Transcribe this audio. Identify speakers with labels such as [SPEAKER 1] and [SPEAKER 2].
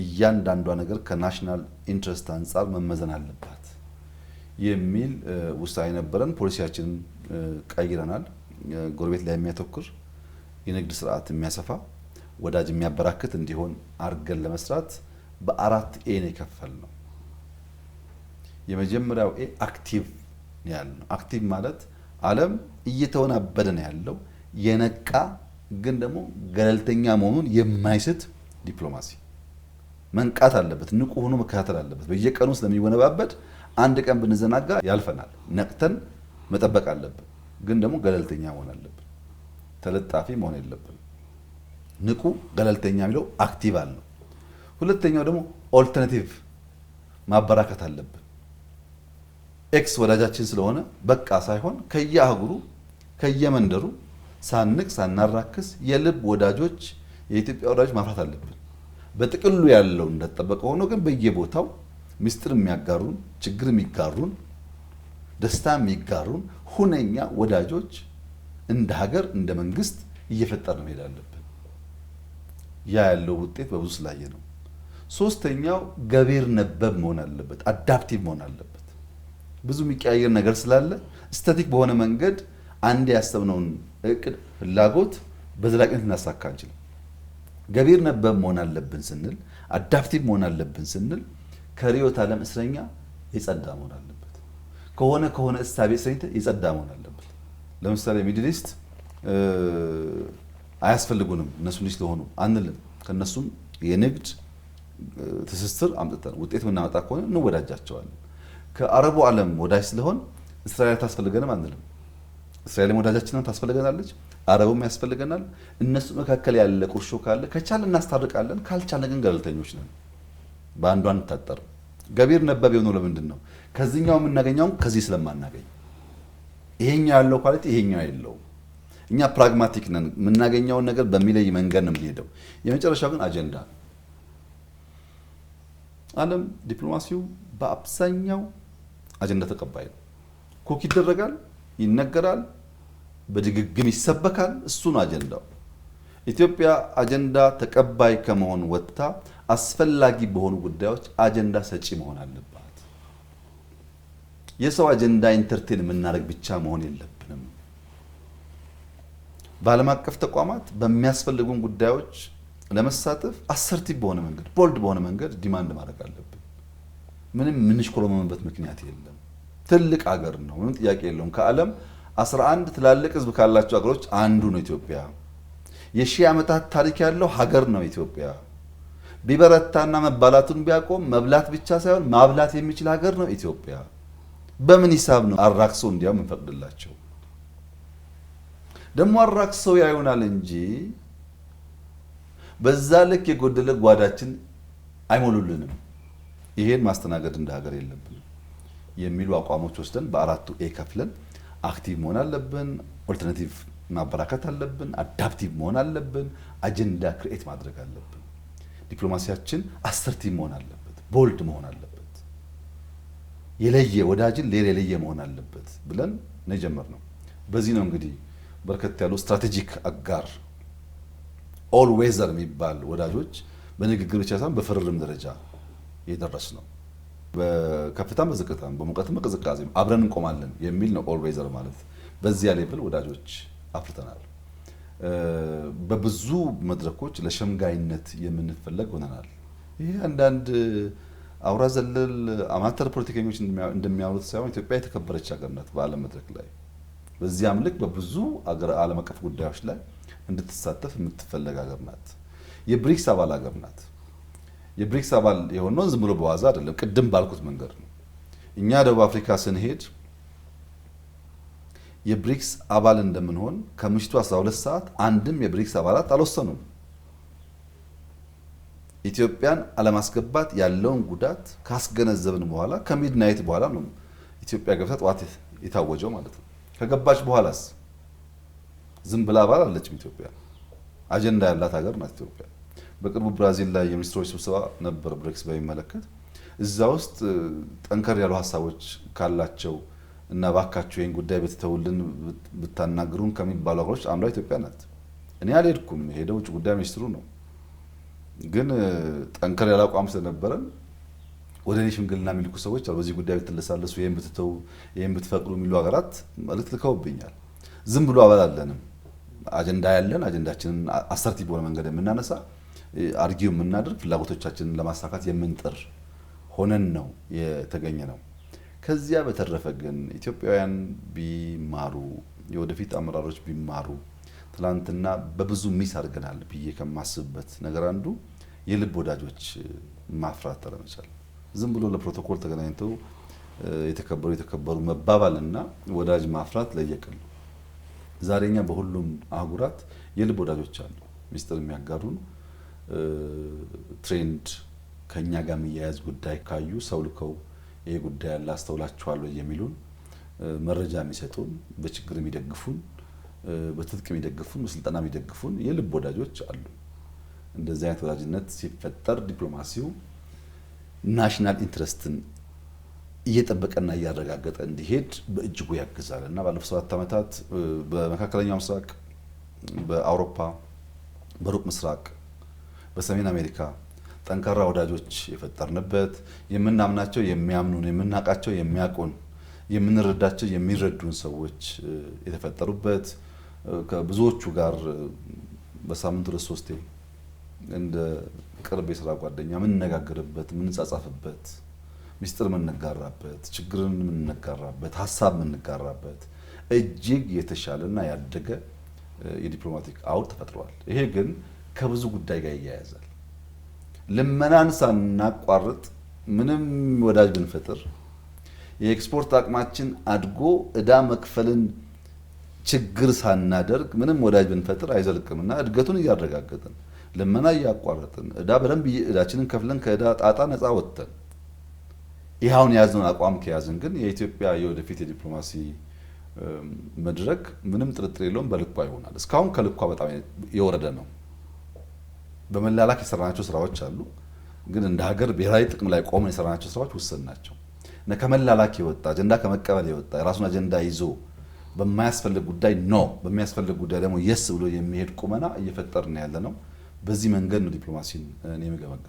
[SPEAKER 1] እያንዳንዷ ነገር ከናሽናል ኢንትረስት አንጻር መመዘን አለባት የሚል ውሳኔ ነበረን። ፖሊሲያችንን ቀይረናል። ጎረቤት ላይ የሚያተኩር የንግድ ስርዓት የሚያሰፋ ወዳጅ የሚያበራክት እንዲሆን አድርገን ለመስራት በአራት ኤ ነው የከፈል ነው። የመጀመሪያው ኤ አክቲቭ ያለ ነው። አክቲቭ ማለት ዓለም እየተወናበደ ነው ያለው የነቃ ግን ደግሞ ገለልተኛ መሆኑን የማይስት ዲፕሎማሲ መንቃት አለበት። ንቁ ሆኖ መከታተል አለበት። በየቀኑ ስለሚወነባበድ አንድ ቀን ብንዘናጋ ያልፈናል። ነቅተን መጠበቅ አለብን። ግን ደግሞ ገለልተኛ መሆን አለብን። ተለጣፊ መሆን የለብን። ንቁ ገለልተኛ የሚለው አክቲቭ አለው ነው። ሁለተኛው ደግሞ ኦልተርናቲቭ ማበራከት አለብን። ኤክስ ወዳጃችን ስለሆነ በቃ ሳይሆን ከየአህጉሩ ከየመንደሩ ሳንቅ ሳናራክስ የልብ ወዳጆች የኢትዮጵያ ወዳጆች ማፍራት አለብን። በጥቅሉ ያለው እንደተጠበቀ ሆኖ ግን በየቦታው ምስጢር የሚያጋሩን፣ ችግር የሚጋሩን፣ ደስታ የሚጋሩን ሁነኛ ወዳጆች እንደ ሀገር እንደ መንግስት እየፈጠርን መሄድ አለብን። ያ ያለው ውጤት በብዙ ስላየ ነው። ሶስተኛው ገቢር ነበብ መሆን አለበት፣ አዳፕቲቭ መሆን አለበት። ብዙ የሚቀያየር ነገር ስላለ ስታቲክ በሆነ መንገድ አንድ ያሰብነውን እቅድ ፍላጎት በዘላቂነት እናሳካ አንችልም። ገቢር ነበብ መሆን አለብን ስንል፣ አዳፕቲቭ መሆን አለብን ስንል ከርዕዮተ ዓለም እስረኛ የጸዳ መሆን አለበት። ከሆነ ከሆነ እሳቤ እስረኝነት የጸዳ መሆን አለበት። ለምሳሌ ሚድል ኢስት አያስፈልጉንም እነሱ ልጅ ለሆኑ አንልም። ከእነሱም የንግድ ትስስር አምጥተን ውጤት የምናመጣ ከሆነ እንወዳጃቸዋለን። ከአረቡ ዓለም ወዳጅ ስለሆን እስራኤል አታስፈልገንም አንልም። እስራኤልም ወዳጃችን ታስፈልገናለች፣ አረቡም ያስፈልገናል። እነሱ መካከል ያለ ቁርሾ ካለ ከቻል እናስታርቃለን፣ ካልቻለ ግን ገለልተኞች ነን፣ በአንዷ አንታጠርም። ገቢር ነበብ የሆነው ለምንድን ነው? ከዚህኛው የምናገኘውን ከዚህ ስለማናገኝ ይሄኛው ያለው ኳሊቲ ይሄኛው የለው እኛ ፕራግማቲክ ነን። የምናገኘውን ነገር በሚለይ መንገድ ነው የምንሄደው። የመጨረሻው ግን አጀንዳ ነው። ዓለም ዲፕሎማሲው በአብዛኛው አጀንዳ ተቀባይ ነው። ኩክ ይደረጋል ይነገራል፣ በድግግም ይሰበካል። እሱን አጀንዳው ኢትዮጵያ አጀንዳ ተቀባይ ከመሆን ወጥታ አስፈላጊ በሆኑ ጉዳዮች አጀንዳ ሰጪ መሆን አለባት። የሰው አጀንዳ ኢንተርቴን የምናደርግ ብቻ መሆን የለብንም። በዓለም አቀፍ ተቋማት በሚያስፈልጉን ጉዳዮች ለመሳተፍ አሰርቲቭ በሆነ መንገድ ቦልድ በሆነ መንገድ ዲማንድ ማድረግ አለብን። ምንም ምንሽኮለመመበት ምክንያት የለም። ትልቅ ሀገር ነው፣ ምንም ጥያቄ የለውም። ከዓለም 11 ትላልቅ ህዝብ ካላቸው ሀገሮች አንዱ ነው ኢትዮጵያ። የሺህ ዓመታት ታሪክ ያለው ሀገር ነው ኢትዮጵያ። ቢበረታና መባላቱን ቢያቆም መብላት ብቻ ሳይሆን ማብላት የሚችል ሀገር ነው ኢትዮጵያ። በምን ሂሳብ ነው አራክሰው እንዲያውም እንፈቅድላቸው? ደግሞ አራክሰው ያዩናል እንጂ በዛ ልክ የጎደለ ጓዳችን አይሞሉልንም። ይሄን ማስተናገድ እንደ ሀገር የለብንም። የሚሉ አቋሞች ወስደን በአራቱ ኤ ከፍለን አክቲቭ መሆን አለብን፣ ኦልተርናቲቭ ማበራከት አለብን፣ አዳፕቲቭ መሆን አለብን፣ አጀንዳ ክርኤት ማድረግ አለብን። ዲፕሎማሲያችን አሰርቲቭ መሆን አለበት፣ ቦልድ መሆን አለበት፣ የለየ ወዳጅን ሌላ የለየ መሆን አለበት ብለን ነው የጀመርነው። በዚህ ነው እንግዲህ በርከት ያሉ ስትራቴጂክ አጋር ኦል ዌዘር የሚባል ወዳጆች በንግግር ብቻ ሳይሆን በፍርርም ደረጃ የደረስ ነው። በከፍታም በዝቅታም በሙቀትም በቅዝቃዜም አብረን እንቆማለን የሚል ነው ኦልዌዘር ማለት። በዚያ ሌብል ወዳጆች አፍርተናል። በብዙ መድረኮች ለሸምጋይነት የምንፈለግ ሆነናል። ይህ አንዳንድ አውራ ዘለል አማተር ፖለቲከኞች እንደሚያምሩት ሳይሆን ኢትዮጵያ የተከበረች ሀገር ናት በዓለም መድረክ ላይ በዚያም ልክ በብዙ ዓለም አቀፍ ጉዳዮች ላይ እንድትሳተፍ የምትፈለግ ሀገር ናት። የብሪክስ አባል ሀገር ናት። የብሪክስ አባል የሆነው ዝም ብሎ በዋዛ አይደለም። ቅድም ባልኩት መንገድ ነው። እኛ ደቡብ አፍሪካ ስንሄድ የብሪክስ አባል እንደምንሆን ከምሽቱ 12 ሰዓት አንድም የብሪክስ አባላት አልወሰኑም። ኢትዮጵያን አለማስገባት ያለውን ጉዳት ካስገነዘብን በኋላ ከሚድናይት በኋላ ነው ኢትዮጵያ ገብታ ጠዋት የታወጀው ማለት ነው። ከገባች በኋላስ ዝም ብላ አባል አለችም። ኢትዮጵያ አጀንዳ ያላት ሀገር ናት ኢትዮጵያ። በቅርቡ ብራዚል ላይ የሚኒስትሮች ስብሰባ ነበር ብሬክስ በሚመለከት እዛ ውስጥ ጠንከር ያሉ ሀሳቦች ካላቸው እና ባካቸው ይህን ጉዳይ ብትተውልን ብታናግሩን ከሚባሉ ሀገሮች አንዷ ኢትዮጵያ ናት። እኔ አልሄድኩም፣ የሄደው ውጭ ጉዳይ ሚኒስትሩ ነው። ግን ጠንከር ያለ አቋም ስለነበረን ወደ እኔ ሽምግልና የሚልኩ ሰዎች አሉ። በዚህ ጉዳይ ብትለሳለሱ፣ ይህን ብትተው፣ ይህን ብትፈቅዱ የሚሉ ሀገራት መልእክት ልከውብኛል። ዝም ብሎ አበላለንም አጀንዳ ያለን አጀንዳችንን አሰርቲቭ በሆነ መንገድ የምናነሳ አርጊው የምናደርግ ፍላጎቶቻችንን ለማሳካት የምንጥር ሆነን ነው የተገኘ ነው። ከዚያ በተረፈ ግን ኢትዮጵያውያን ቢማሩ፣ የወደፊት አመራሮች ቢማሩ ትላንትና በብዙ ሚስ አድርገናል ብዬ ከማስብበት ነገር አንዱ የልብ ወዳጆች ማፍራት ተለመቻል። ዝም ብሎ ለፕሮቶኮል ተገናኝተው የተከበሩ የተከበሩ እና ወዳጅ ማፍራት ለየቅል ነው። በሁሉም አህጉራት የልብ ወዳጆች አሉ፣ ሚስጥር የሚያጋሩን ትሬንድ ከእኛ ጋር የሚያያዝ ጉዳይ ካዩ ሰው ልከው ይሄ ጉዳይ ያለ አስተውላችኋለሁ የሚሉን መረጃ የሚሰጡን በችግር የሚደግፉን በትጥቅ የሚደግፉን በስልጠና የሚደግፉን የልብ ወዳጆች አሉ። እንደዚህ አይነት ወዳጅነት ሲፈጠር ዲፕሎማሲው ናሽናል ኢንትረስትን እየጠበቀና እያረጋገጠ እንዲሄድ በእጅጉ ያግዛል እና ባለፉት ሰባት ዓመታት በመካከለኛው ምስራቅ፣ በአውሮፓ፣ በሩቅ ምስራቅ በሰሜን አሜሪካ ጠንካራ ወዳጆች የፈጠርንበት የምናምናቸው የሚያምኑን የምናውቃቸው የሚያውቁን የምንረዳቸው የሚረዱን ሰዎች የተፈጠሩበት ከብዙዎቹ ጋር በሳምንት ሁለት ሶስቴ እንደ ቅርብ የስራ ጓደኛ የምንነጋገርበት የምንጻጻፍበት ሚስጥር የምንጋራበት ችግርን የምንጋራበት ሀሳብ የምንጋራበት እጅግ የተሻለና ያደገ የዲፕሎማቲክ አውድ ተፈጥሯል። ይሄ ግን ከብዙ ጉዳይ ጋር ይያያዛል። ልመናን ሳናቋርጥ ምንም ወዳጅ ብንፈጥር የኤክስፖርት አቅማችን አድጎ እዳ መክፈልን ችግር ሳናደርግ ምንም ወዳጅ ብንፈጥር አይዘልቅምና እድገቱን እያረጋገጥን ልመና እያቋረጥን እዳ በደንብ ዕዳችንን ከፍለን ከዕዳ ጣጣ ነፃ ወጥተን ይኸውን የያዝነውን አቋም ከያዝን ግን የኢትዮጵያ የወደፊት የዲፕሎማሲ መድረክ ምንም ጥርጥር የለውም በልኳ ይሆናል። እስካሁን ከልኳ በጣም የወረደ ነው። በመላላክ የሰራናቸው ስራዎች አሉ። ግን እንደ ሀገር ብሔራዊ ጥቅም ላይ ቆመን የሰራናቸው ስራዎች ውስን ናቸው ከመላላክ የወጣ አጀንዳ ከመቀበል የወጣ የራሱን አጀንዳ ይዞ በማያስፈልግ ጉዳይ ኖ፣ በሚያስፈልግ ጉዳይ ደግሞ የስ ብሎ የሚሄድ ቁመና እየፈጠርን ያለ ነው። በዚህ መንገድ ነው ዲፕሎማሲን እኔ